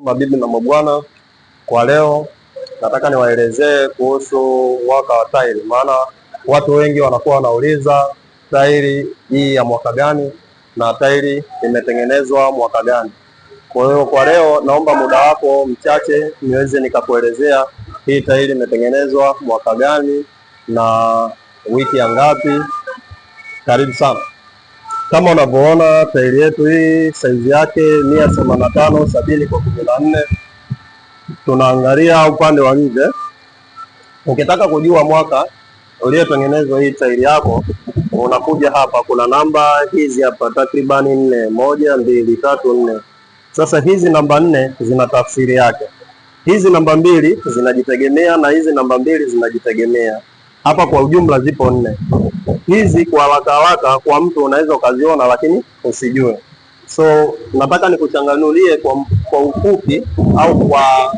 Mabibi na mabwana, kwa leo nataka niwaelezee kuhusu mwaka wa tairi, maana watu wengi wanakuwa wanauliza tairi hii ya mwaka gani na tairi imetengenezwa mwaka gani. Kwa hiyo kwa leo naomba muda wako mchache niweze nikakuelezea hii tairi imetengenezwa mwaka gani na wiki ya ngapi. Karibu sana. Kama unavyoona tairi yetu hii saizi yake mia themanini na tano sabini kwa kumi na nne. Tunaangalia upande wa nje. Ukitaka kujua mwaka uliotengenezwa hii tairi yako, unakuja hapa, kuna namba hizi hapa takribani nne: moja, mbili, tatu, nne. Sasa hizi namba nne zina tafsiri yake, hizi namba mbili zinajitegemea na hizi namba mbili zinajitegemea hapa kwa ujumla zipo nne. Hizi kwa haraka haraka kwa mtu unaweza ukaziona, lakini usijue. So nataka nikuchanganulie kwa, kwa ufupi au kwa,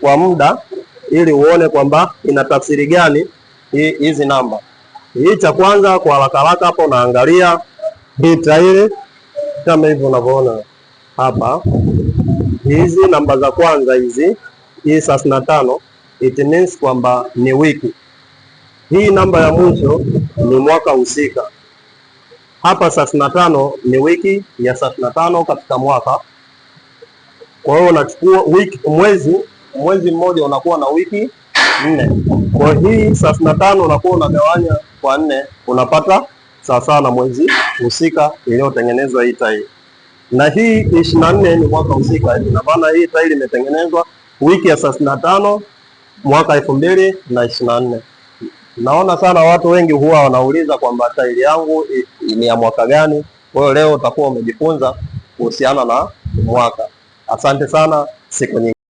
kwa muda ili uone kwamba ina tafsiri gani hizi namba. Hii cha kwanza kwa haraka haraka hapa unaangalia hii tairi kama hivyo unavyoona hapa, hizi namba za kwanza hizi hii thelathini na tano it means kwamba ni wiki hii namba ya mwisho ni mwaka husika. Hapa thelathini na tano ni wiki ya thelathini na tano katika mwaka. Kwa hiyo unachukua wiki, mwezi mwezi mmoja unakuwa na wiki nne. Kwa hii thelathini na tano unakuwa unagawanya kwa nne, unapata sawasawa na mwezi husika iliyotengenezwa hii tairi. Na hii ishirini na nne ni mwaka husika, ina maana hii tairi imetengenezwa wiki ya thelathini na tano mwaka elfu mbili na ishirini na nne. Naona sana watu wengi huwa wanauliza kwamba tairi yangu ni ya mwaka gani. Kwa hiyo leo utakuwa umejifunza kuhusiana na mwaka. Asante sana, siku nyingi.